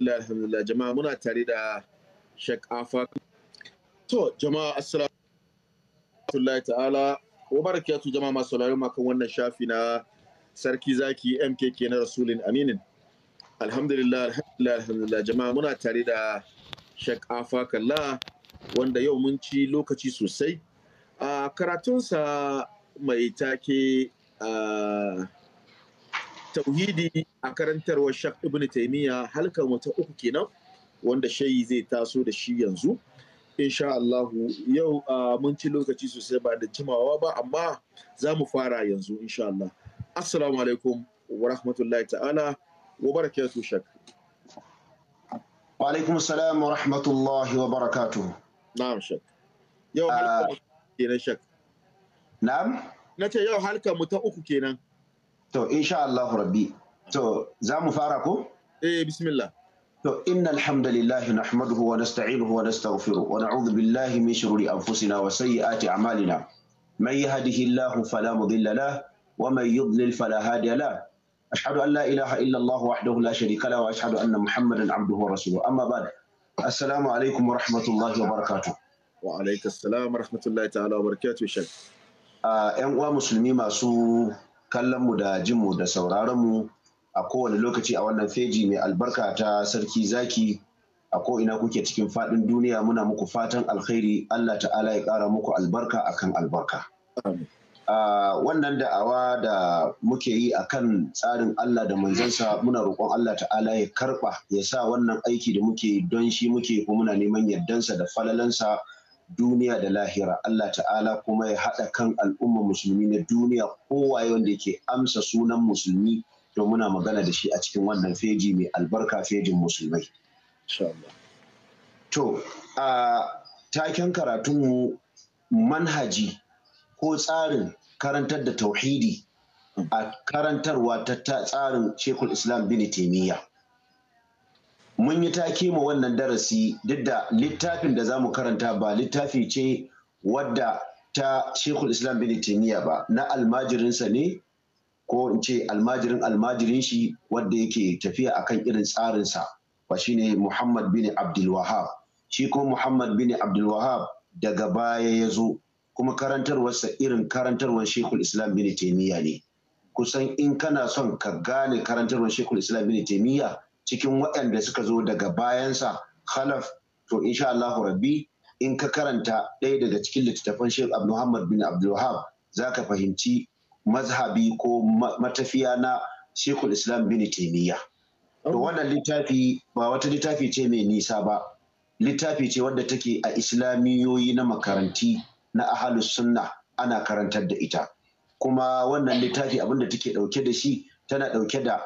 Alhamdulillah, Jama'a muna tare da Sheikh Afa. To, jama'a assalamu ta'ala. Wa barakatu jama'a masu sauraron makan wannan shafi na Sarki Zaki MKK na Rasulin Aminin. Alhamdulillah, alhamdulillah, alhamdulillah. Jama'a muna tare da Sheikh Afa Kalla wanda yau mun ci lokaci sosai. A karatunsa mai take a tauhidi a karantarwar Shak Ibn Taimiyya halkan wata uku kenan wanda shayi zai taso da shi yanzu. Insha Allahu yau mun ci lokaci sosai ba da jimawa ba amma za mu fara yanzu insha Allah. Assalamu alaikum wa rahmatullahi ta'ala wa barakatuh Shak. Wa alaikum salam wa rahmatullahi wa barakatuh. Na'am Shak. Yau halkan kenan Shak. Na'am? Na ce yau halkan mu ta uku kenan. To, insha Allah rabbi. To, za mu fara ko? Eh, bismillah. To, inna alhamdulillahi nahmaduhu wa nasta'inuhu wa nastaghfiruh wa na'udhu billahi min shururi anfusina wa sayyiati a'malina. Man yahdihillahu fala mudilla lahu wa man yudlil fala hadiya Allah أشهد أن لا إله إلا الله وحده لا شريك له وأشهد أن محمدا عبده alaikum wa بعد wa عليكم Wa الله وبركاته wa السلام ورحمة الله تعالى وبركاته شك آه uwa musulmi masu. kallon mu da jin mu da sauraron mu a kowane lokaci a wannan feji mai albarka ta sarki zaki a ko ina kuke cikin fadin duniya muna muku fatan alkhairi Allah ta'ala ya kara muku albarka akan albarka. a wannan da'awa da muke yi akan tsarin Allah da manzansa muna roƙon Allah ta'ala ya karba ya sa wannan aiki da muke yi don shi muke kuma muna neman yardansa da falalansa duniya da lahira Allah ta'ala kuma ya haɗa kan al'umma musulmi na duniya kowaye wanda yake amsa sunan musulmi to muna magana da shi a cikin wannan feji mai albarka fejin musulmai to a taken karatunmu manhaji ko tsarin karantar da tauhidi a karantarwa ta tsarin shekul islam bin taimiyya mun yi take ma wannan darasi duk da littafin da zamu karanta ba littafi ce wadda ta shekul islam bin taimiyya ba na almajirinsa ne ko in ce almajirin almajirin shi wadda yake tafiya akan irin tsarinsa ba shine muhammad bin abdulwahab shi ko muhammad bin abdulwahab daga baya ya zo kuma karantarwarsa irin karantarwar shekul islam bin taimiyya ne kusan in kana son ka gane karantarwar shekul islam bin taimiyya cikin waɗanda suka zo daga bayansa khalaf to insha Allah rabbi in ka karanta ɗaya daga cikin littattafan Sheikh Abdul Muhammad bin Abdul Wahab zaka fahimci mazhabi ko matafiya na Sheikhul Islam bin Taimiyya. To wannan littafi ba wata littafi ce mai nisa ba littafi ce wadda take a islamiyoyi na makaranti na ahalus sunna ana karantar da ita kuma wannan littafi abinda take dauke da shi tana dauke da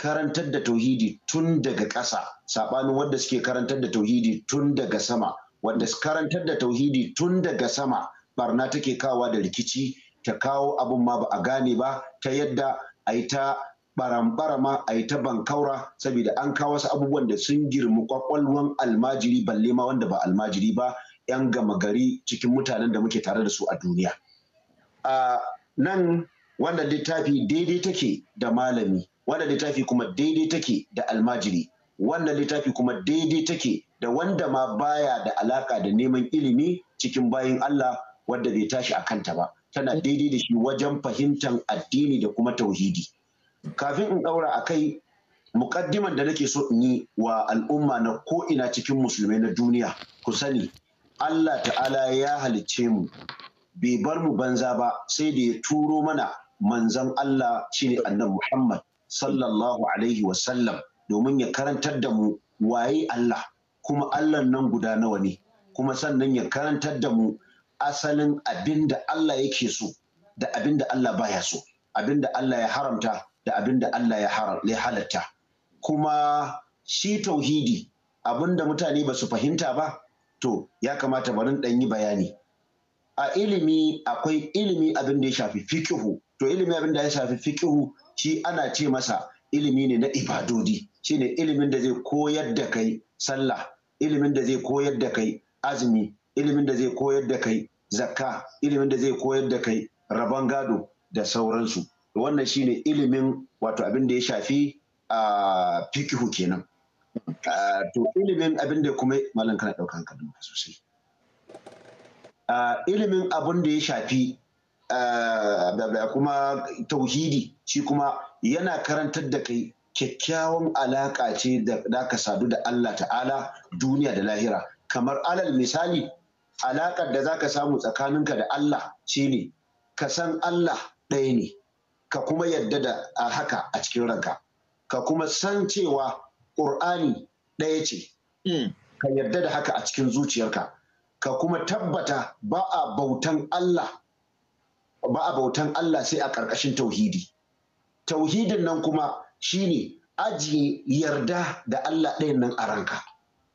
karantar da tauhidi tun daga ƙasa saɓanin wanda suke karantar da tauhidi tun daga sama wanda karantar da tauhidi tun daga sama barna take kawa da rikici ta kawo abin ma ba a gane ba ta yadda a yi ta barambarama a yi ta bankaura saboda an kawo wasu abubuwan da sun girmi kwakwalwan almajiri balle ma wanda ba almajiri ba yan gama gari cikin mutanen da muke tare da su a duniya. A nan wanda littafi daidai take da malami wannan littafi kuma daidai take da almajiri wannan littafi kuma daidai take da wanda ma baya da alaka da neman ilimi cikin bayin Allah wanda bai tashi a kanta ba tana daidai da shi wajen fahimtar addini da kuma tauhidi kafin in ɗaura a kai mukaddiman da nake so in yi wa al'umma na ko'ina cikin musulmai na duniya ku sani Allah ta'ala ya halicce mu bai bar mu banza ba sai da ya turo mana manzon Allah shine annabi Muhammad sallallahu alaihi wasallam domin ya karantar da mu waye Allah kuma Allah nan guda nawa ne kuma sannan ya karantar da mu asalin abin da Allah yake so da abin da Allah baya so abin da Allah ya haramta da abin da Allah ya halatta kuma shi tauhidi abin da mutane ba su fahimta ba to ya kamata barin ɗan yi bayani a ilimi akwai ilimi abin da ya shafi fikihu to ilimi abin da ya shafi fikihu shi ana ce masa ilimi ne na ibadodi shine ilimin da zai koyar da kai sallah ilimin da zai koyar da kai azumi ilimin da zai koyar da kai zakka ilimin da zai koyar da kai rabon gado da sauransu wannan shine ilimin wato abin da ya shafi a fikihu kenan to ilimin abin da kuma malam kana daukan kaduna sosai ilimin abin da ya shafi Eh, da kuma tauhidi shi kuma yana karantar da kai kyakkyawan alaƙa ce da ka sadu da Allah ta'ala duniya da lahira kamar alal misali alaƙar da za ka samu tsakaninka da Allah ne, ka san Allah ɗaya ne ka kuma yadda da haka a cikin ranka ka kuma san cewa ƙur'ani ɗaya ce hmm. ka yadda da haka a cikin zuciyarka ka kuma tabbata ba a bautan Allah ba a bautan Allah sai a ƙarƙashin tauhidi tauhidin nan kuma shi ne ajiye yarda da Allah ɗayan nan a ranka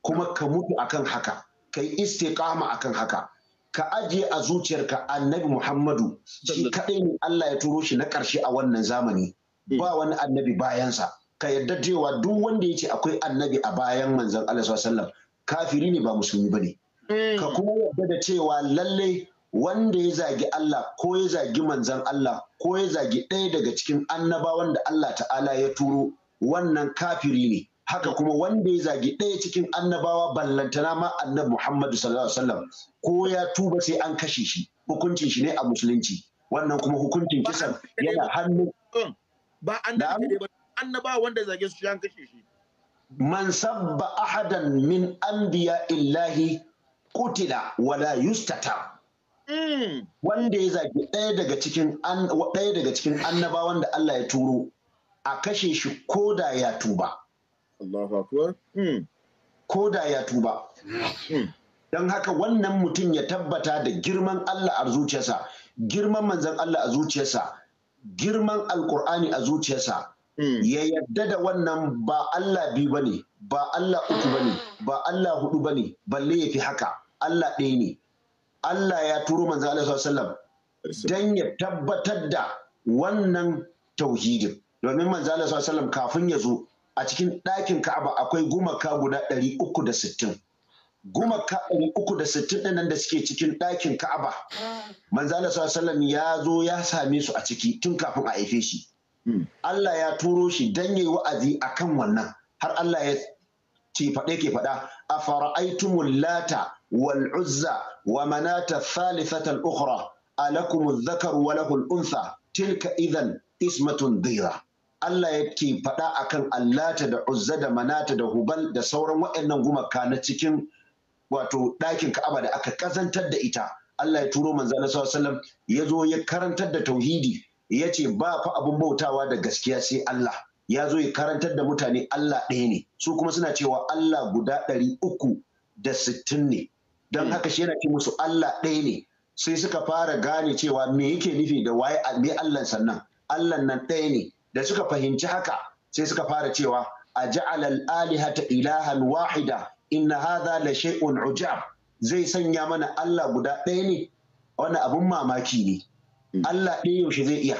kuma ka mutu akan haka ka yi istiqama akan haka ka ajiye a zuciyarka annabi Muhammadu shi kaɗai ne Allah ya turo shi na ƙarshe a wannan zamani eh. ba wani annabi bayansa ka yarda cewa duk wanda ya ce akwai annabi a bayan manzon Allah sallallahu kafiri ne ba musulmi ba ne. Eh. ka kuma yarda da cewa lallai wanda ya zagi Allah ko ya zagi manzan Allah ko ya zagi ɗaya daga cikin annabawan da Allah ta'ala ya turo wannan kafiri ne haka kuma wanda ya zagi ɗaya cikin annabawa ballantana ma annabi Muhammadu sallallahu alaihi wasallam ko ya tuba sai an kashe shi hukuncin shi ne a musulunci wannan kuma hukuncin kisan yana hannu ba annabawa wanda zage su an kashe shi man sabba ahadan min anbiya illahi qutila wala yustata Mm. wanda ya zaɓi ɗaya daga cikin ɗaya daga annabawan da Allah ya turo a kashe shi ko da ya tuba Allah akbar mm. ko da ya tuba mm. don haka wannan mutum ya tabbata da girman Allah a zuciyarsa girman manzan Allah a zuciyarsa girman alkur'ani a zuciyarsa ya yadda da wannan ba Allah bi ba ne, ba Allah uku ba ne, ba Allah hudu ne, balle ya fi haka Allah ɗaya ne Allah ya turo manzo Allah sallallahu dan ya tabbatar da wannan tauhidin domin manzo Allah sallallahu kafin ya zo a cikin ɗakin Ka'aba akwai gumaka guda 360 gumaka 360 ɗin nan da suke cikin ɗakin Ka'aba manzo Allah sallallahu ya zo ya same su a ciki tun kafin a haife shi hmm. Allah ya turo shi dan yayi wa'azi akan wannan har Allah ya ce faɗe ke faɗa a fara'aitumul lata wal'uzza wa manata thalithatan ukhra alakum adh-dhakar wa lahu al-untha tilka idan ismatun dhira Allah yake faɗa akan Allata da Uzza da Manata da Hubal da sauran waɗannan gumaka na cikin wato ɗakin Ka'aba da aka kazantar da ita Allah ya turo manzo na sallam, ya zo ya karantar da tauhidi ya ce ba fa abin bautawa da gaskiya sai Allah ya zo ya karantar da mutane Allah ɗaya ne su kuma suna cewa Allah guda ɗari uku da sittin ne don hmm. haka shi yana ce musu Allah ɗaya ne sai suka fara gane cewa me yake nufi da waye me Allah sannan Allah nan ɗaya ne da suka fahimci haka sai suka fara cewa a ja'alal alihata ilahan wahida inna hadha la shay'un ujab zai sanya mana Allah guda ɗaya ne wani abun mamaki ne hmm. Allah ɗaya yaushe zai iya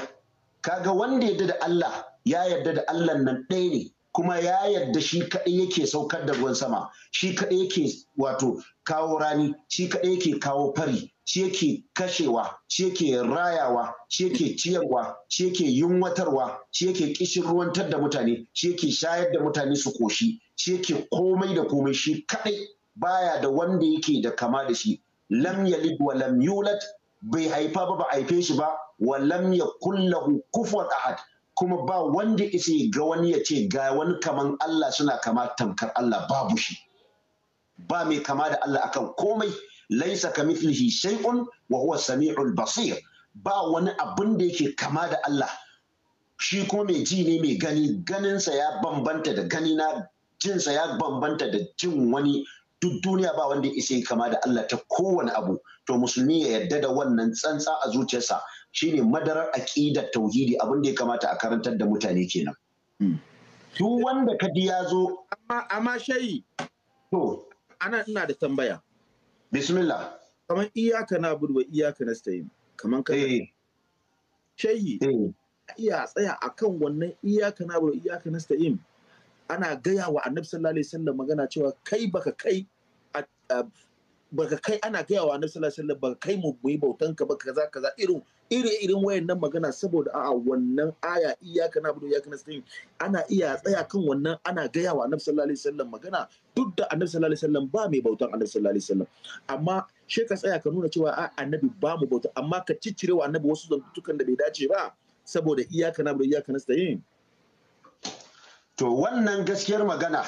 kaga wanda yadda da Allah ya yarda da Allah nan ɗaya ne kuma ya yadda shi kaɗai yake saukar da ruwan sama shi kaɗai yake wato kawo rani shi kaɗai yake kawo fari shi yake kashewa shi yake rayawa shi yake ciyarwa shi yake yunwatarwa shi yake kishin ruwantar da mutane shi yake shayar da mutane su koshi shi yake komai da komai shi kaɗai baya da wanda yake da kama da shi lam yalid wa lam yulad bai haifa ba ba haife shi ba wa lam yakullahu kufuwan ahad kuma ba wanda isi ga wani ya ce ga wani kaman Allah suna kama tamkar Allah babu shi ba mai kama da Allah akan komai laisa ka mithlihi shay'un wa huwa sami'ul basir ba wani abin da yake kama da Allah shi kuma mai ji ne mai gani ganinsa ya bambanta da gani na jinsa ya bambanta da jin wani duk duniya ba wanda isa kama da Allah ta kowane abu to musulmi ya yarda da wannan tsantsa a zuciyarsa shine madarar aqidar tauhidi abin da ya kamata a karantar da mutane kenan hmm. duk wanda ka ya zo amma shayi to ana ina da tambaya bismillah kamar iyaka na budwa iyaka na stayin kamar ka eh. shayi eh. iya tsaya akan wannan iyaka na budwa iyaka na stayin ana gaya wa annabi sallallahu alaihi wasallam magana cewa kai baka kai baka kai ana gaya wa annabi sallallahu alaihi wasallam baka kai mu yi bautan ka baka kaza kaza irin irin wayannan magana saboda a'a wannan aya iyaka na budu iyaka nasta'in ana iya tsaya kan wannan ana gaya wa annabi sallallahu alaihi wasallam magana duk da annabi sallallahu alaihi wasallam ba mai bautan annabi sallallahu alaihi wasallam amma she ka tsaya ka nuna cewa a annabi ba mu bauta amma ka ciccire wa annabi wasu zantukan da bai dace ba saboda iyaka na budu iyaka nasta'in to wannan gaskiyar magana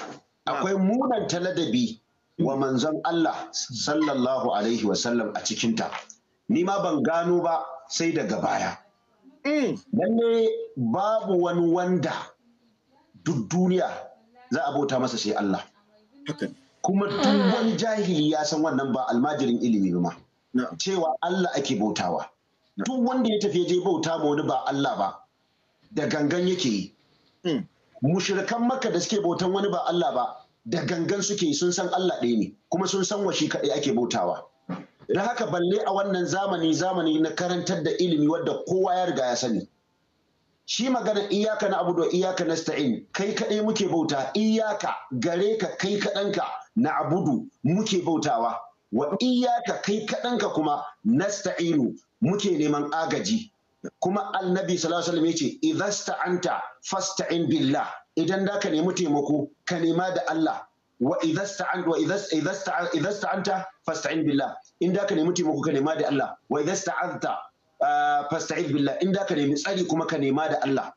akwai munan ladabi wa manzon Allah mm. sallallahu alaihi wasallam a cikinta ni ma ban gano ba sai daga baya. Lalle mm. babu wani wanda duk duniya za a bauta masa sai Allah. Kuma duk wani jahili ya san wannan ba almajirin ilimi ba Cewa Allah ake bautawa. Duk wanda ya tafi je bauta ma wani ba Allah ba, da gangan yake yi. Mm. Mushirkan maka da suke bautan wani ba Allah ba, da gangan suke yi sun san Allah ɗaya ne, kuma sun san wa kaɗai ake bautawa. da haka balle a wannan zamani zamani na karantar da ilimi wadda kowa ya riga ya sani shi magana iyaka na abu da iyaka na sta'in kai kaɗai muke bauta iyaka gare ka kai kaɗanka na abudu muke bautawa wa iyaka kai kaɗanka kuma nasta'inu muke neman agaji kuma annabi sallallahu alaihi wasallam yace idan sta'anta fasta'in billah idan da ka nemi taimako ka nema da Allah wa idza sta'anta wa idza sta'anta fasta'in billah in da ka nemi taimako ka nema da Allah wa idza sta'anta ah, fasta'in billah in da ka nemi tsari kuma ka nema da Allah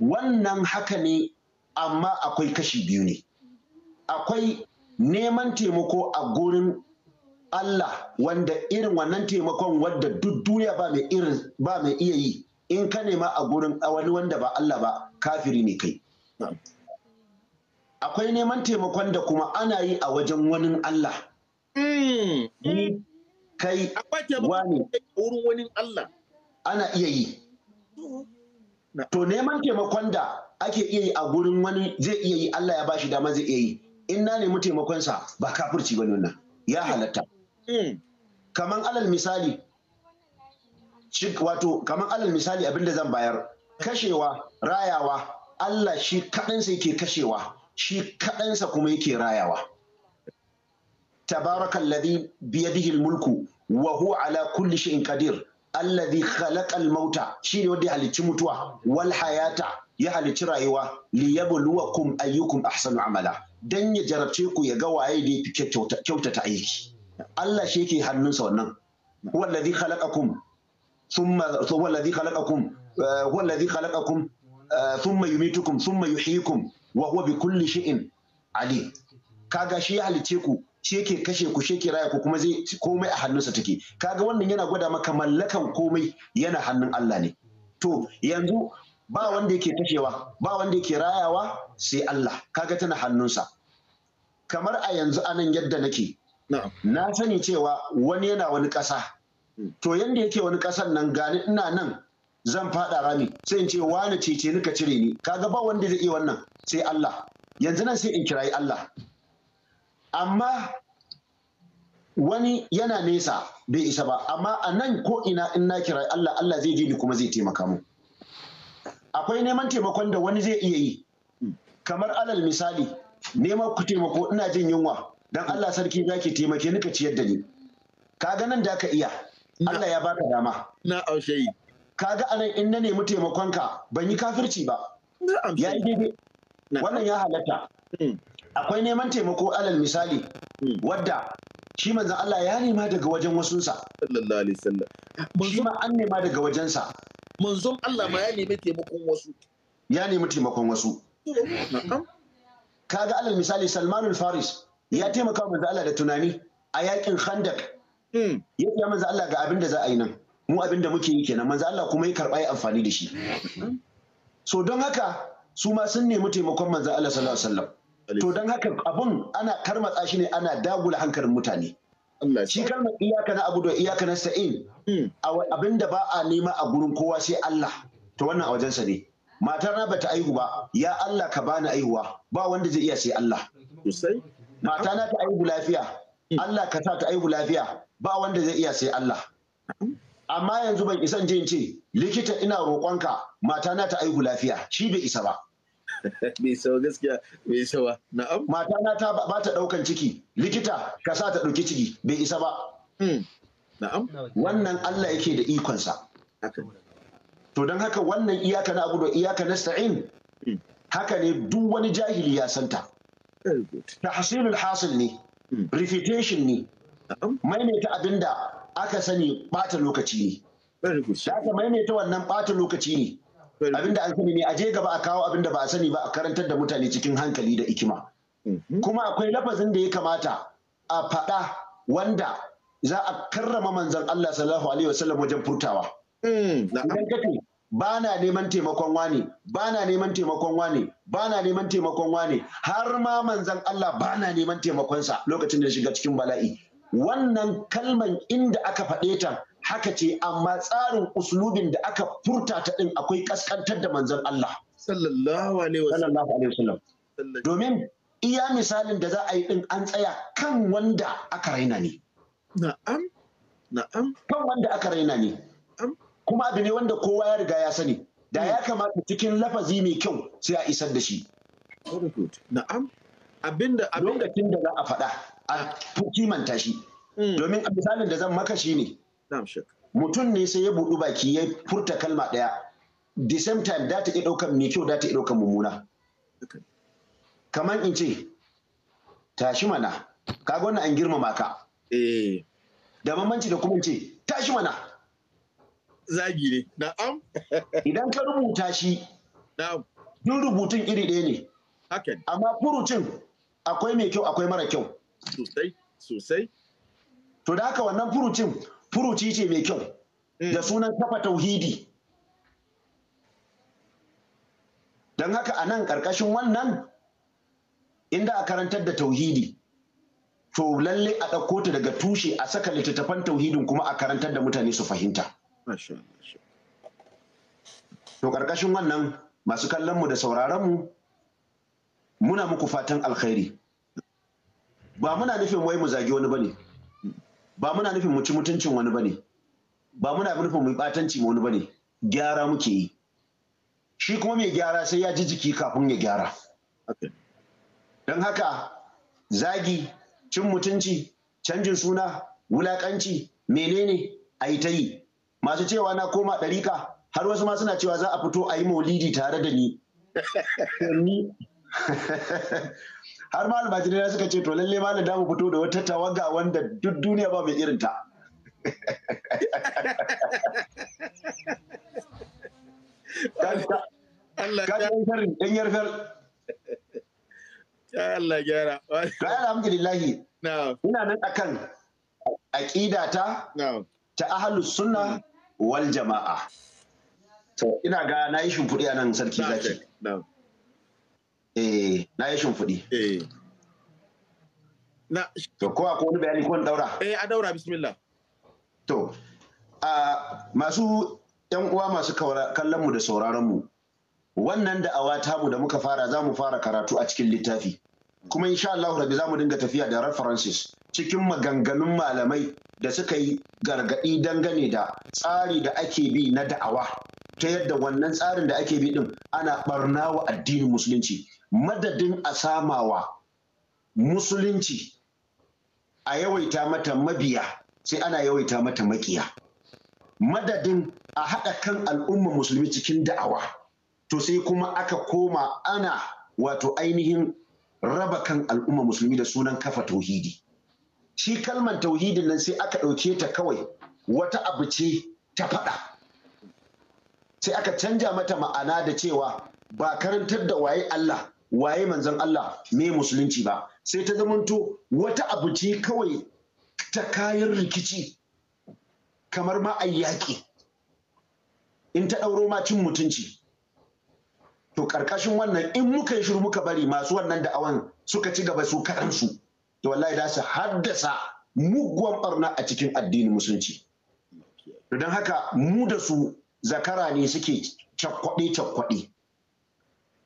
wannan haka ne amma akwai kashi biyu ne akwai neman taimako a gurin Allah wanda irin wannan taimakon wadda duk duniya ba mai irin ba mai iya yi in ka nema a gurin wani wanda ba Allah ba kafiri ne kai akwai neman taimakon da kuma ana yi a wajen wani Allah. Mm. Kai wani. wurin wani Allah. Ana iya yi. To neman taimakon da ake iya yi a gurin wani zai iya yi Allah ya ba shi dama zai iya yi. In na nemi taimakonsa ba kafirci ba nuna ya mm. halatta. Mm. Kaman alal misali, wato kaman alal misali abinda zan bayar, kashewa, rayawa, Allah shi kaɗansa yake kashewa. shi kaɗansa kuma yake rayawa tabaraka alladhi biyadihi mulku, wa huwa ala kulli shay'in qadir alladhi khalaqa almauta shine wanda ya halicci mutuwa wal hayata ya halicci rayuwa liyabluwakum ayyukum ahsanu amala dan ya jarabce ku ya ga waye da yafi kyautata aiki Allah shi yake hannunsa wannan huwa alladhi khalaqakum thumma huwa alladhi khalaqakum eh, huwa alladhi khalaqakum eh, thumma yumitukum thumma yuhyikum wa huwa bi kulli shay'in ka kaga shi ya halice ku shi yake kashe ku shi yake raya ku kuma zai komai a hannunsa take kaga wannan yana gwada maka mallakan komai yana hannun Allah ne to yanzu ba wanda yake kashewa ba wanda yake rayawa sai Allah kaga tana hannunsa kamar a yanzu anan yadda nake na sani cewa wani yana wani ƙasa to yanda yake wani ƙasan nan gani ina nan zan faɗa rami sai in ce wani cece ni ka cire ni kaga ba wanda zai iya wannan sai Allah yanzu nan sai in kirayi Allah amma wani yana nesa bai isa ba amma a nan ko ina in na kirayi Allah Allah zai je ni kuma zai taimaka mu akwai neman taimakon da wani zai iya yi kamar alal misali neman ku taimako ina jin yunwa dan Allah sarki zaki taimake ni ka ciyar da ni kaga nan da ka iya Allah ya baka dama na aushe kaga anan in na nemi taimakonka ban yi kafirci ba ya yi daidai wannan ya halatta hmm. akwai neman taimako alal misali hmm. wadda shi manzan Allah ya nema daga wajen wasunsa sallallahu alaihi wasallam shi ma an nema daga wajensa manzon Allah ma ya nemi taimakon wasu ya nemi taimakon wasu kaga alal misali Salmanu Faris ya taimaka manzan Allah da tunani a yakin Khandak hmm. ya manzan Allah ga abin da za a yi nan mu abin da muke yi kenan manzo Allah kuma ya karba ya amfani da shi so don haka su ma sun nemi taimakon manzo Allah sallallahu alaihi wasallam to don haka abun ana karmatsa shi ne ana dagula hankalin mutane shi kalmar iyaka na abu da iyaka na sa'in hmm. abin da ba a nema a gurin kowa sai Allah to wannan a wajensa ne matar na bata aihu ba ya Allah ka bani aihuwa ba wanda zai iya sai Allah mata na ta aihu lafiya hmm. Allah ka sa ta aihu lafiya ba wanda zai iya sai Allah hmm. amma yanzu ban isan je ce likita ina roƙonka mata na ta aihu lafiya shi bai isa ba bai sawa gaskiya bai sawa na'am mata na ta ba ta ɗaukan ciki likita ka sa ta ɗauki ciki bai isa ba hmm. na'am wannan Allah yake da ikonsa to don haka wannan iyaka na abu da iyaka sta'in hmm. haka ne duk wani jahili ya santa tahsilul hasil ne hmm. refutation ne maimaita abinda aka sani ɓata lokaci ne da aka maimaita wannan bata lokaci ne abinda an sani ne a je gaba a kawo abin da ba a sani ba a karantar da mutane cikin hankali da ikima mhm. kuma akwai lafazin da ya kamata a faɗa wanda za a karrama manzan Allah sallallahu alaihi wasallam wajen furtawa mm, idan kace ba na neman taimakon wani. Bana na neman taimakon wani. Bana na neman taimakon wani. har ma manzon Allah bana neman taimakonsa lokacin da shiga cikin bala'i wannan kalman inda aka faɗe ta haka ce amma tsarin uslubin da aka furta ta ɗin akwai ƙasƙantar da manzon Allah. Sallallahu alaihi wasallam. Domin iya misalin da za a yi ɗin an tsaya kan wanda aka raina ne. Na'am, na'am. Kan wanda aka raina ne. Kuma abu ne wanda kowa ya riga ya sani. Da ya hmm. kamata cikin lafazi mai kyau sai a isar da shi. Na'am. Abinda abinda. Lokacin da za a faɗa. a kimanta shi hmm. domin a misalin da zan maka shi ne mutum ne sai ya buɗu baki ya furta kalma ɗaya the same time da ta iya ɗaukar mai kyau da ta iya ɗaukar mummuna kamar in ce tashi mana ka wannan an girmama ka eh. da bambanci da kuma in ce tashi mana zagi ne na'am idan ka rubuta shi na'am duk rubutun iri ɗaya ne amma furucin akwai mai kyau akwai mara kyau sosai sosai to da haka wannan furucin furuci ce mai kyau mm. da sunan kafa tauhidi don haka a nan ƙarƙashin wannan inda a karantar da tauhidi to lalle a ɗauko ta daga tushe a saka littattafan tauhidin kuma a karantar da mutane su fahimta. To ƙarƙashin wannan masu kallonmu da sauraronmu muna muku fatan alkhairi. ba muna nufin wai mu zagi wani bane ba muna nufin mu ci mutuncin wani bane ba muna nufin mu batanci wani bane gyara muke yi shi kuma mai gyara sai ya ji jiki kafin ya gyara don haka zagi cin mutunci canjin suna wulakanci menene a yi ta yi masu cewa na koma ɗarika har wasu ma suna cewa za a fito a yi maulidi tare da ni har ma almajirai suka ce to lalle ma da mu fito da wata tawaga wanda duk duniya ba mai irin ta Allah gyara. Bayan alhamdulillahi. Ina nan akan aƙida ta ta ahalus suna wal jama'a. Ina ga na yi shimfiɗi a nan sarki zaki. eh na yi shimfiɗi eh. na to ko akwai wani bayani ko daura eh a daura bismillah to a masu yan uwa masu kallon mu da sauraron mu wannan da'awa mu da muka fara za mu fara karatu a cikin littafi kuma insha Allah rabi za mu dinga tafiya da references cikin maganganun malamai da suka yi gargaɗi dangane da tsari da ake bi na da'awa ta yadda wannan tsarin da ake bi din ana ɓarna wa addinin musulunci madadin a samawa musulunci a yawaita mata mabiya sai ana yawaita mata makiya madadin a haɗa kan al'umma musulmi cikin da'awa to sai kuma aka koma ana wato ainihin raba kan al'umma musulmi da sunan kafa tauhidi shi kalmar tauhidin nan sai aka ɗauke ta kawai wata abu ce ta faɗa sai aka canja mata ma'ana da cewa ba karantar da waye Allah waye manzon Allah me musulunci ba sai ta zamanto wata abu ce kawai ta kayan rikici kamar ma a yaƙi in ta ɗauro ma cin mutunci to ƙarƙashin wannan in muka yi shiru muka bari masu wannan da'awan suka ci gaba su kaɗansu, to wallahi za su haddasa muguwan ɓarna a cikin addinin musulunci don haka mu da su zakara ne suke cakwaɗe-cakwaɗe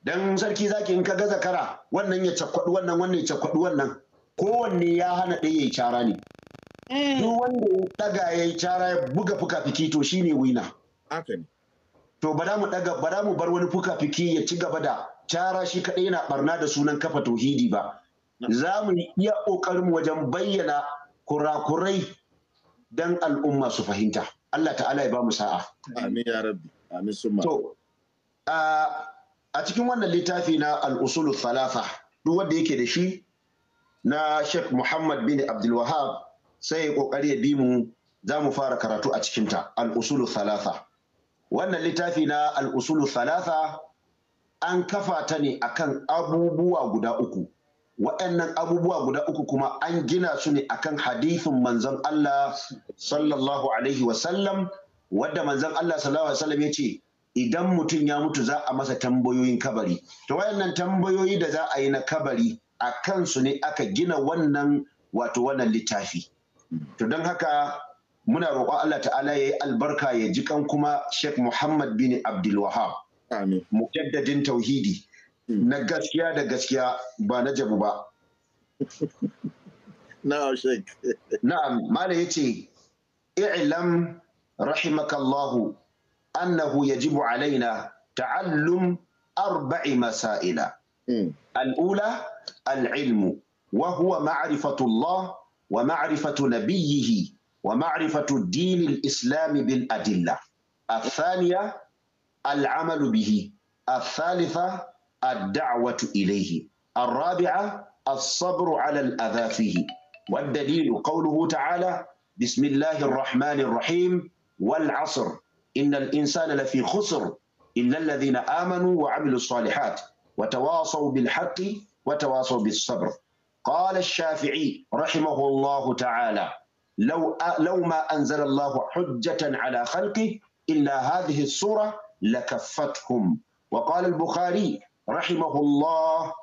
dan sarki zaki in ka gaza kara wannan ya cakwadu wannan wannan ya cakwadu wannan kowanne ya hana ɗaya ya cara ne mm. duk wanda ya daga ya cara ya buga fuka-fiki to shine wina to ba mu daga ba mu bar wani fuka-fiki ya ci gaba da cara shi kaɗai yana barna da sunan kafa tauhidi ba za mu iya mu wajen bayyana kurakurai don al'umma su fahimta Allah ta'ala ya ba mu sa'a amin ya rabbi amin summa to a cikin wannan littafi na al'usulu thalatha duk wanda yake da shi na Sheikh Muhammad bin Abdulwahab sai ya kokari ya bi mu za mu fara karatu a cikinta al'usulu thalatha wannan littafi na al'usulu thalatha an kafa ta ne akan abubuwa guda uku wa'annan abubuwa guda uku kuma an gina su ne akan hadithin manzon Allah sallallahu alaihi wasallam wadda manzon Allah sallallahu alaihi wasallam ya ce idan mutum ya mutu za a masa tambayoyin kabari to wayannan tambayoyi da za a yi na kabari a kansu ne aka gina wannan wato wannan littafi to don haka muna roƙon Allah ta'ala ya yi albarka ya ji kan kuma Sheikh Muhammad bin Abdul Wahab mujaddadin tauhidi hmm. na gaskiya da gaskiya ba na jabu ba na'am Sheikh na'am mala yace i'lam rahimakallahu انه يجب علينا تعلم اربع مسائل الاولى العلم وهو معرفه الله ومعرفه نبيه ومعرفه الدين الاسلام بالادله الثانيه العمل به الثالثه الدعوه اليه الرابعه الصبر على الاذى فيه والدليل قوله تعالى بسم الله الرحمن الرحيم والعصر إن الإنسان لفي خسر إلا الذين آمنوا وعملوا الصالحات وتواصوا بالحق وتواصوا بالصبر قال الشافعي رحمه الله تعالى لو لو ما أنزل الله حجة على خلقه إلا هذه الصورة لكفتهم وقال البخاري رحمه الله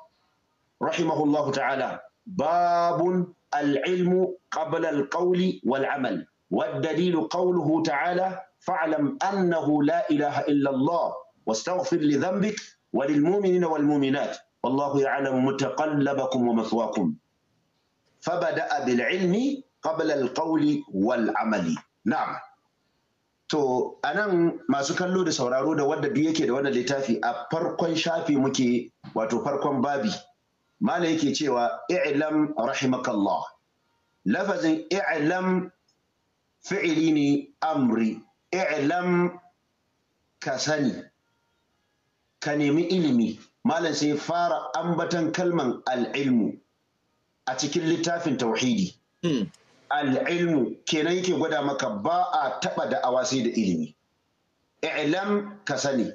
رحمه الله تعالى باب العلم قبل القول والعمل والدليل قوله تعالى fa'lam annahu la ilaha illallah wastaghfir li dhanbik wa lil mu'minina wal mu'minat wallahu ya'lamu mutaqallabakum wa mathwakum fabada'a bil ilmi qabla al wal amali na'am To, a masu kallo da sauraro da wadda duk yake da wannan littafi a farkon shafi muke wato farkon babi. Mala yake cewa i'lam rahimakallah. Lafazin i'lam fi'ili ne amri i'lam ka sani ka nemi ilimi malam sai fara ambatan kalman al'ilmu a cikin littafin tauhidi hmm. al'ilmu kenan yake gwada maka ba a taɓa da'awa sai da ilimi i'lam ka sani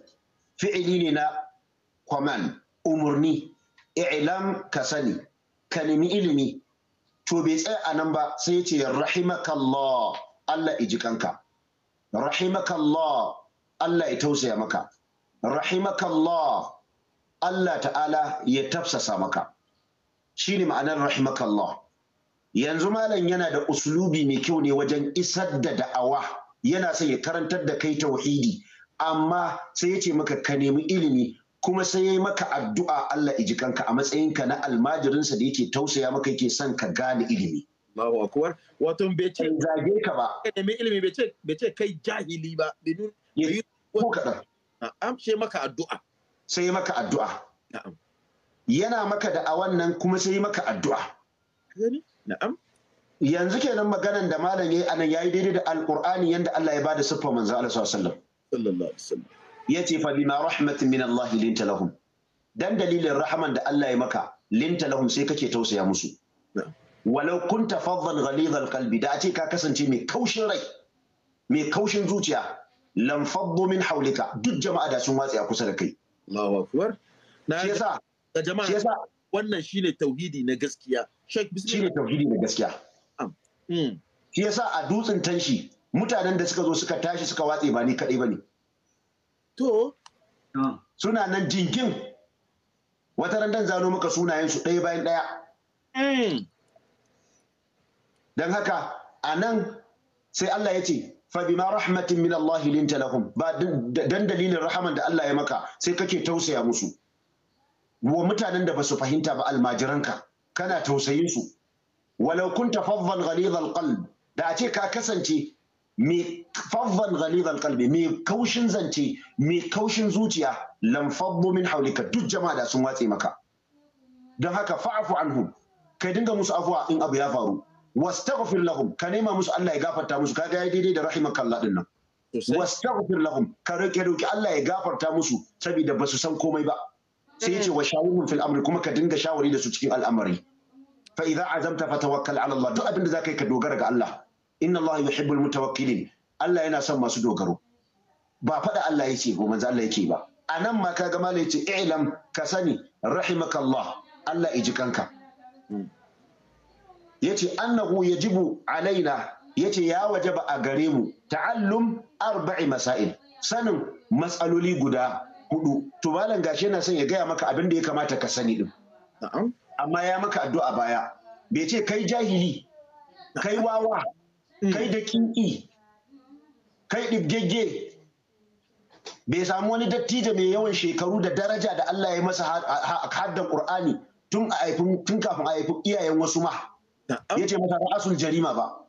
fi'ili ne na kwaman umarni i'lam ka sani ka nemi ilimi to bai tsaya a nan ba sai ce rahimakallah Allah iji rahimakallah Allah ya tausaya maka rahimakallah Allah ta'ala ya tafsasa maka Shi ne ma'anar rahimakallah yanzu malam yana da usulubi mai kyau ne wajen isar da da'awa yana son ya karantar da kai tauhidi amma sai ya ce maka ka nemi ilimi kuma sai ya yi maka addu'a Allah ji kanka a matsayinka na almajirinsa da yake tausaya maka yake son ka gane ilimi Allahu akbar wato bai ce zage ka ba ka ilimi bai ce bai ce kai jahili ba bai nun yi ko kadan na'am sai maka addu'a sai maka addu'a na'am yana maka da a wannan kuma sai maka addu'a gani na'am yanzu kenan maganan da malam yayi anan yayi daidai da alqur'ani yanda Allah ya bada siffa manzo Allah sallallahu alaihi wasallam yace fa bima rahmatin min Allah linta lahum dan dalilin rahaman da Allah ya maka linta lahum sai kake tausaya musu na'am walau kunta faddan ghalidhal qalbi da a ce ka kasance mai kaushin rai mai kaushin zuciya lam faddu min haulika duk jama'a da sun watsi a kusa da kai Allahu akbar na yasa ga jama'a yasa wannan shine tauhidi na gaskiya shek bismillah shine tauhidi na gaskiya mm. shi yasa a dutsen tanshi mutanen da suka zo suka tashi suka watse ba ni kadai bane to suna nan jinkin wata randan zano maka sunayen su ɗaya bayan ɗaya mm. don haka a nan sai Allah ya ce fabima rahmatin min Allah linta lahum ba dan dalilin rahaman da Allah ya maka sai kake tausaya musu wa mutanen da basu fahimta ba almajiranka kana tausayin su walau kunta faddan ghalid alqalb da a ce ka kasance mai faddan ghalid alqalb mai kaushin zance mai kaushin zuciya lam faddu min hawlika duk jama'a da sun watse maka don haka fa'fu anhum kai dinga musu afuwa in abu ya faru wastaghfir lahum ka nema musu Allah ya gafarta musu kaga yayi daidai da rahimakallah din nan wastaghfir lahum ka roke roki Allah ya gafarta musu saboda basu san komai ba sai yace eh. wa shawirhum fil amri kuma ka dinga shawari da su cikin al'amari fa idza azamta fatawakkal ala Allah duk abinda zakai ka dogara ga Allah inna Allah yuhibbul mutawakkilin Allah yana son masu dogaro ba faɗa Allah yake ba manzo Allah yake ba anan ma kaga malai yace i'lam ka sani rahimakallah Allah iji kanka hmm. Ya yace annahu jibu alaina yace ya waje ba a gare mu ta'allum arba'i masail sanin matsaloli guda hudu to malam gashi yana son ya gaya maka abin da ya kamata ka sani din amma ya maka addu'a baya bai ce kai jahili kai wawa hmm. kai da kinki kai ɗibgegge bai samu wani dattijo mai yawan shekaru da daraja da Allah ya masa haddan Qur'ani tun kafin a haifi iyayen wasu ma ya ce mata ra'asul jarima ba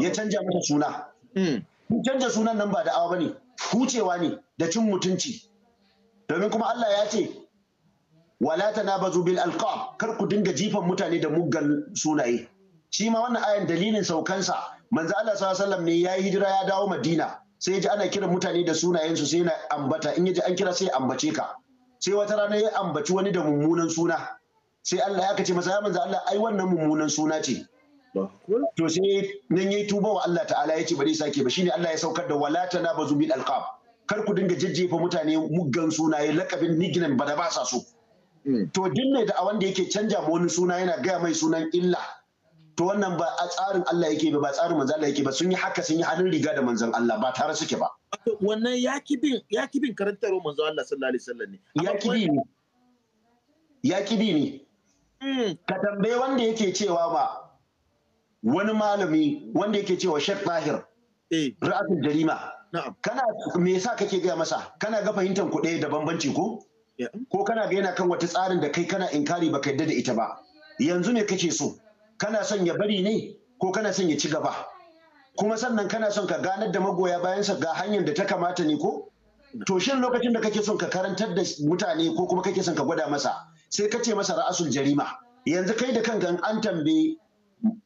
ya canja mata suna hmm. canja sunan nan ba da awa bane hucewa ne da cin mutunci domin kuma Allah ya ce wala tanabazu bil alqab kar ku dinga jifan mutane da muggan sunaye shi ma wannan ayan dalilin saukansa manzo Allah sallallahu alaihi wasallam ne yayi hijira ya dawo Madina sai ji ana kiran mutane da sunayen su sai na ambata in yaji an kira sai ambace ka sai wata rana ya ambaci wani da mummunan suna sai Allah ya kace masa ya manzo Allah ai wannan mummunan suna ce to sai nan yayi tuba wa Allah ta'ala yace bari sake ba shine Allah ya saukar da wala tanabazu bil alqab kar ku dinga jajjefa mutane muggan sunaye lakabin nignan ba da ba sa so hmm. to din ne da a wanda yake canja ma wani suna yana gaya mai sunan illa to wannan ba a tsarin Allah yake ba ba tsarin manzon Allah yake ba sun yi haka sun yi halin riga da manzon Allah ba tare suke ba wannan yaki bin yaki bin karantarwa manzon Allah sallallahu alaihi wasallam ne yaki bin ne yaki bin ne Mm. ka tambaye wanda yake cewa ba wani malami wanda yake cewa Sheikh Tahir eh. ra'atul jarima kana me yasa kake gaya masa kana ga fahimtar ku da bambanci ko ko kana ga yana kan wata tsarin da kai kana inkari baka yadda da ita ba yanzu ne kake so kana son ya bari ne ko kana son ya ci gaba kuma sannan kana son ka ganar da magoya bayansa ga hanyar da ta kamata ne ko to shin lokacin da kake son ka karantar da mutane ko kuma kake son ka gwada masa sai ka ce masa ra'asul jarima yanzu kai da kanka an tambaye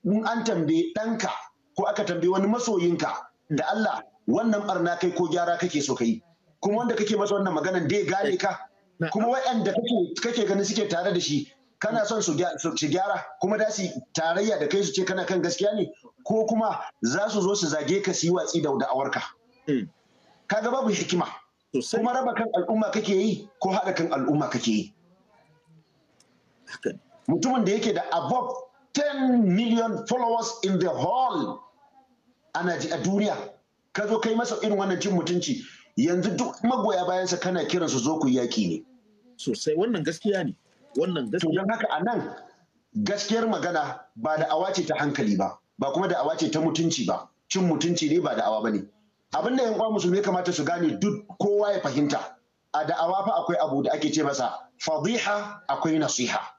in an tambaye ɗanka ko aka tambaye wani masoyinka da Allah wannan barna kai ko gyara kake so kai kuma wanda kake masa wannan da dai gane ka kuma waɗanda kake ganin suke tare da shi kana son su gyara kuma da su tarayya da kai su ce kana kan gaskiya ne ko kuma za su zo su zage ka su yi watsi da da'awarka hmm. kaga babu hikima kuma raba kan al'umma kake yi ko haɗa kan al'umma kake yi mutumin da yake da above 10 million followers in the whole ana ji a duniya ka zo kai masa irin wannan cin mutunci yanzu duk magoya bayansa kana kiran su zo ku yaki ne sosai wannan gaskiya ne wannan gaskiya don haka a gaskiyar magana ba da awa ce ta hankali ba ba kuma da awa ce ta mutunci ba cin mutunci ne ba da awa bane abin da yan uwa musulmi kamata su gane duk kowa ya fahimta a da'awa fa akwai abu da ake ce masa fadiha akwai nasiha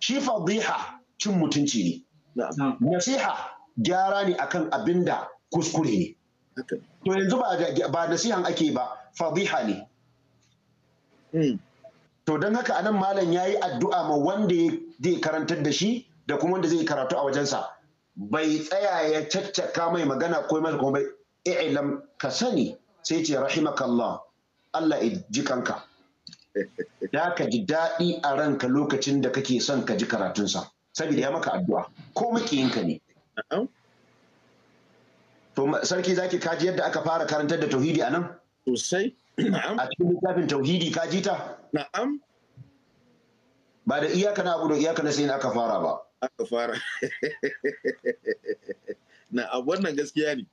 shi fadiha cin mutunci ne nasiha gyara ne akan abin da kuskure ne to yanzu ba nasihan ake ba fadiha ne hmm. to don haka anan malam ya yi addu'a ma wanda zai karantar da shi da kuma wanda zai karatu a wajensa bai tsaya ya caccaka mai magana ko masa kuma bai ilam ka sani sai ce rahimakallah Allah ya ji da ka ji daɗi a ranka lokacin da kake son ka ji karatunsa saboda ya maka addu'a ko makiyinka ne to sarki zaki kaji yadda aka fara karantar da tauhidi a nan sosai a cikin littafin tauhidi ka ji ta na'am ba da iyaka na abu da iyaka na sai aka fara ba aka fara na wannan gaskiya ne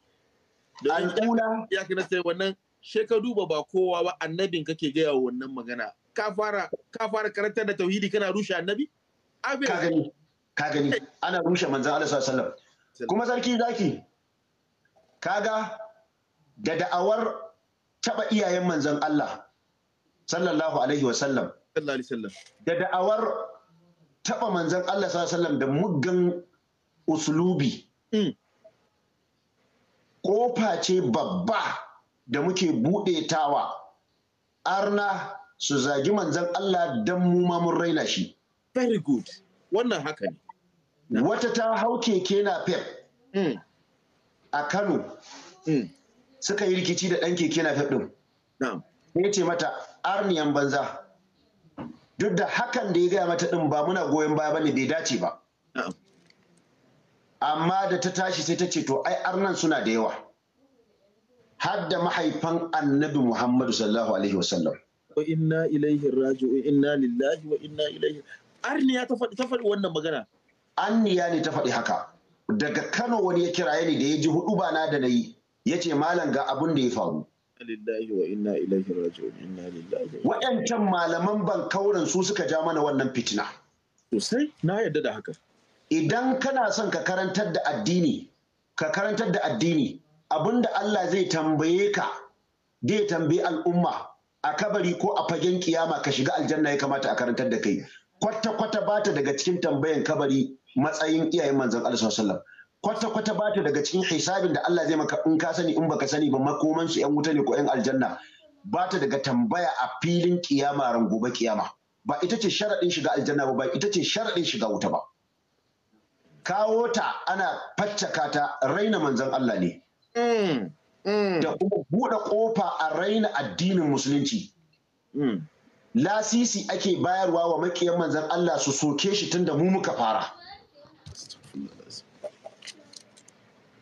an kula iyaka na sai wannan she ka duba ba kowa ba annabin kake gaya wa wannan magana ka fara ka fara karantar da tauhidi kana rushe annabi abin ka gani ka gani ana rushe manzon Allah sallallahu alaihi wasallam kuma sarki zaki kaga da da'awar taba iyayen manzon Allah sallallahu alaihi wasallam sallallahu alaihi wasallam da da'awar taba manzon Allah sallallahu alaihi wasallam da muggan uslubi mm. kofa ce babba da muke buɗe tawa arna su zagi manzan Allah don mu ma raina shi. Very good. Wannan haka ne. Wata ta hau keke na pep hmm. a Kano mm. suka yi rikici da ɗan keke na pep ɗin. Ya ce mata arniyan banza. Duk da hakan da ya gaya mata ɗin ba muna goyon baya bane bai dace ba. Amma da ta tashi sai ta ce to ai arnan suna da yawa. hadda mahaifan annabi Muhammadu sallallahu alaihi wasallam. Wa inna ilaihi raji'u inna lillahi wa inna ilaihi arniya ta faɗi ta faɗi wannan magana. Anniya ne ta faɗi haka. Daga Kano wani ya kiraye ni da ya ji hudu ba na da na yi ya ce malam ga abin da ya faru. lillahi wa inna kauran malaman su suka ja mana wannan fitina sosai na yadda da haka idan kana son ka karantar da addini ka karantar da addini Abin da Allah zai tambaye ka zai tambayi al'umma a kabari ko a fagen kiyama ka shiga aljanna ya kamata a karantar da kai kwata kwata bata daga cikin tambayan kabari matsayin iyayen manzon Allah sallallahu kwata kwata bata daga cikin hisabin da Allah zai maka in ka sani in baka sani ba makoman su yan wuta ne ko yan aljanna bata daga tambaya a filin kiyama ran gobe kiyama ba ita ce sharaɗin shiga aljanna ba ba ita ce sharaɗin shiga wuta ba kawo ta ana faccaka ta raina manzon Allah ne Mm. Mm. da kuma buɗe ƙofa a raina addinin musulunci mm. lasisi ake bayarwa wa maƙiyan manzan Allah su soke shi tun da mu muka fara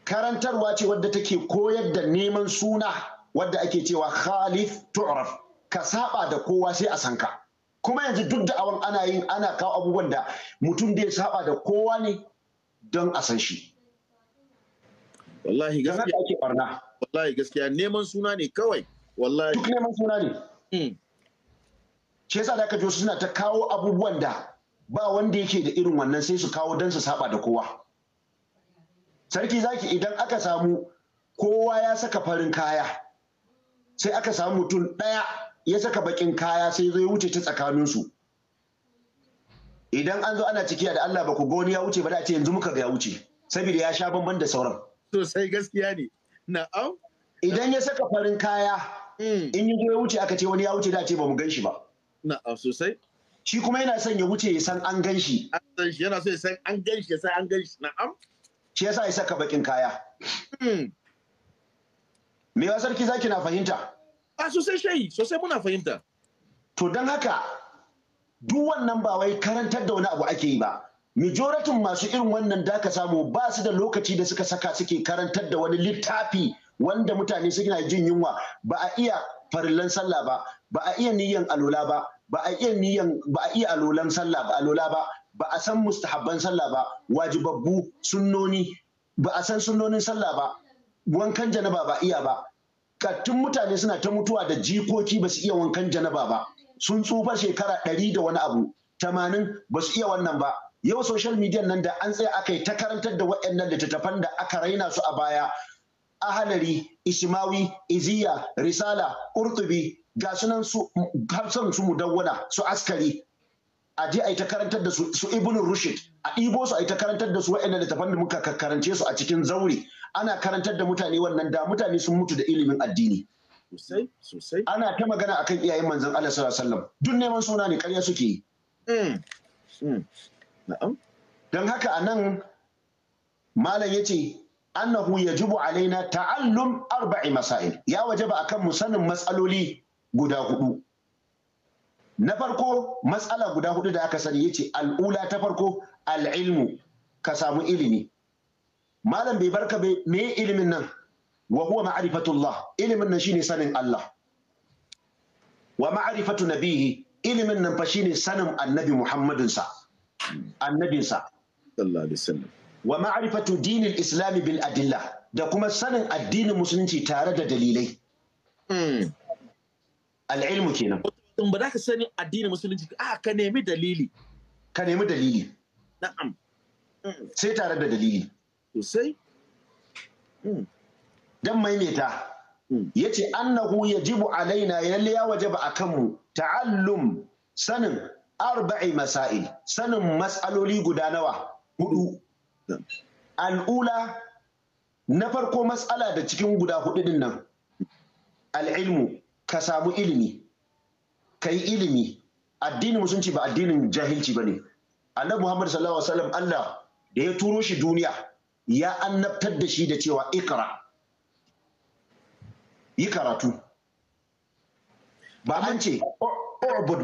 karantarwa ce wadda take koyar da neman suna wadda ake cewa khalif tu'raf ka saba da kowa sai a sanka kuma yanzu duk da awon ana yin ana kawo abubuwan da mutum da ya saba da kowa ne don a san shi wallahi gaskiya ake neman suna ne kawai wallahi duk neman suna ne ce sa da aka ji suna ta kawo abubuwan da ba wanda yake da irin wannan sai su kawo don su saba da kowa sarki zaki idan aka samu kowa ya saka farin kaya sai aka samu mutum ɗaya ya saka bakin kaya sai zai wuce ta tsakaninsu idan an zo ana cikiya da Allah ba ku goni ya wuce ba da ce yanzu muka ga ya wuce saboda ya sha bamban da sauran sosai gaskiya ne na'am idan ya saka farin kaya hmm. in yi ya wuce aka ce wani ya wuce da ce ba mu gan shi ba na'am sosai shi kuma yana son ya wuce ya san an gan shi yana so ya san an gan shi ya san an gan shi na'am shi yasa ya saka bakin kaya hmm. me ya sarki zaki na fahimta a ah, sosai shayi sosai muna fahimta to don haka duk wannan ba wai karantar da wani abu ake yi ba majoratin masu irin wannan da ka samu ba su da lokaci da suka saka suke karantar da wani littafi wanda mutane suna jin yunwa ba a iya farillan sallah ba ba a iya niyan alola ba ba a iya niyan ba a iya alolan sallah ba alola ba ba a san mustahabban sallah ba wajibabbu sunnoni ba a san sunnonin sallah ba wankan janaba ba iya ba kattun mutane suna ta mutuwa da jikoki ba su iya wankan janaba ba sun tsufa shekara ɗari da wani abu tamanin ba su iya wannan ba yau social media nan da an tsaya aka yi ta karantar da waɗannan littattafan da aka raina su a baya ahalari ishimawi iziya risala urtubi ga sunan su hamsan su mudawwana su askari a je a yi ta karantar da su ibn rushid a ibo su a yi ta karantar da su waɗannan littattafan da muka karkarance su a cikin zauri ana karantar da mutane wannan da mutane sun mutu da ilimin addini ana ta magana akan iyayen manzon Allah sallallahu alaihi wasallam duk neman suna ne ƙarya suke yi mm, mm. don haka a nan malam ya ce annahu yajibu alaina ta'allum arba'i masail ya wajaba akan mu sanin matsaloli guda hudu na farko matsala guda hudu da aka sani yace al'ula ta farko al'ilmu ka samu ilimi malam bai barka bai me ilimin nan wa huwa ma'rifatullah ilimin nan shine sanin Allah wa ma'rifatu nabihi ilimin nan fa shine sanin annabi Muhammadun sa annabinsa wa ma'rifatu dinil islami bil adilla da kuma sanin addinin musulunci tare da dalilai hmm. al'ilmu kenan in ba za ka sani addinin musulunci a ka nemi dalili ka nemi dalili na'am hmm. sai tare da dalili sosai hmm. dan maimaita Ya ce annahu ya jibu alaina yalle ya wajaba akan mu ta'allum sanin arba'i masail sanin matsaloli guda nawa hudu al'ula na farko matsala da cikin guda hudu din nan al'ilmu ka samu ilimi ka yi ilimi addinin musulunci ba addinin jahilci ba ne annabi muhammad sallallahu alaihi wasallam allah da ya turo shi duniya ya annabtar da shi da cewa ikra yi karatu ba an ce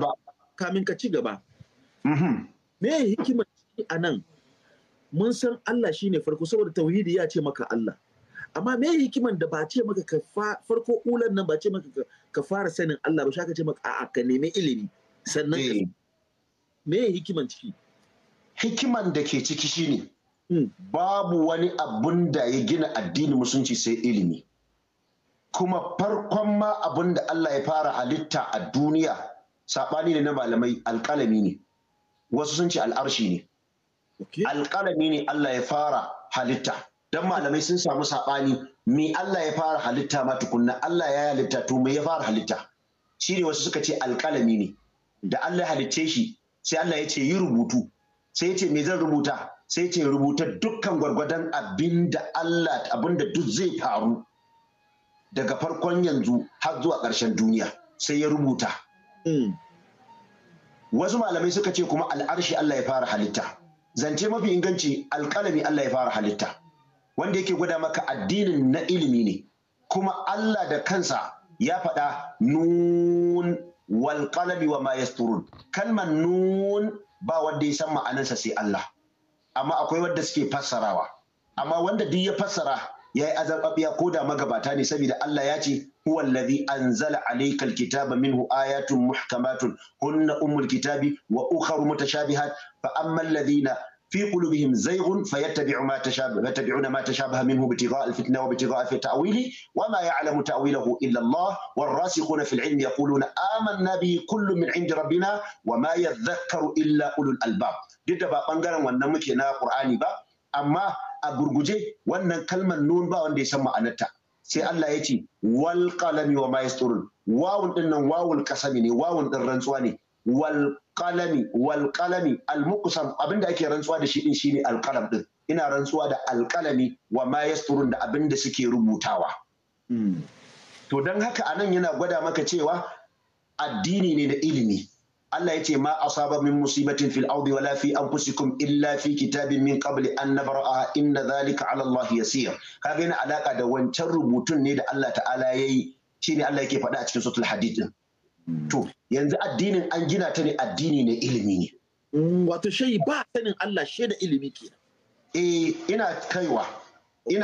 ba kamin ka ci gaba. Mhm. Me hikimar a nan mun san Allah shi ne farko saboda tauhidi ya ce maka Allah. Amma me hikiman da ba ce maka ka farko ulan nan ba ce maka ka fara sanin Allah ba shaka ce maka a'a ka nemi ilimi sannan ka eh. me hikiman ciki? Hikiman da ke ciki shine hmm. babu wani abun da ya gina addini musunci sai ilimi. Kuma farkon ma abun da Allah ya fara halitta a duniya saɓani ne na malamai alƙalami ne wasu sun ce al'arshi ne alƙalami ne Allah ya fara halitta don malamai sun samu saɓani me Allah ya fara halitta ma tukunna Allah ya halitta to me ya fara halitta shi ne wasu suka ce alƙalami ne da Allah ya halicce shi sai Allah ya ce yi rubutu sai ya ce me zan rubuta sai ya ce rubuta dukkan gwargwadon abin da Allah abin da duk zai faru daga farkon yanzu har zuwa ƙarshen duniya sai ya rubuta Hmm. wasu malamai suka ce kuma al'arshi Allah ya fara halitta zance mafi inganci alƙalami Allah ya fara halitta wanda yake gwada maka addinin na ilimi ne kuma Allah da kansa ya faɗa nun wal wa ma yasturun kalmar nun ba wanda ya san ma'anarsa sai Allah amma akwai wanda suke fassarawa amma wanda duk ya fassara ya yi azababbiya ko da magabata ne saboda Allah ya ce هو الذي أنزل عليك الكتاب منه آيات محكمات هن أم الكتاب وأخر متشابهات فأما الذين في قلوبهم زيغ فيتبع ما تشابه يتبعون ما تشابه منه ابتغاء الفتنه وابتغاء في تاويله وما يعلم تاويله الا الله والراسخون في العلم يقولون امنا به كل من عند ربنا وما يذكر الا اولو الالباب جدا da ba bangaren wannan muke na qur'ani ba amma a gurguje wannan kalmar nun sai Allah ya ce wal qalami wa ma yasturun wawun din nan wawul kasami ne wawun din rantsuwa ne wal qalami wal qalami al muqsam da ake rantsuwa da shi din shine al qalam din ina rantsuwa da al qalami wa ma yasturun da da suke rubutawa hmm. to dan haka anan yana gwada maka cewa addini ne da ilimi Allah ya ce ma asaba min musibatin fil ardi wala fi anfusikum illa fi kitabin min qabli an nabra'a inna zalika ala Allah yasir kaga yana alaka da wancan rubutun ne da Allah ta'ala yayi shine Allah yake faɗa a cikin suratul hadid to yanzu addinin an gina ta ne addini ne ilimi ne mm, wato shi ba sanin Allah shi da ilimi kenan eh ina kaiwa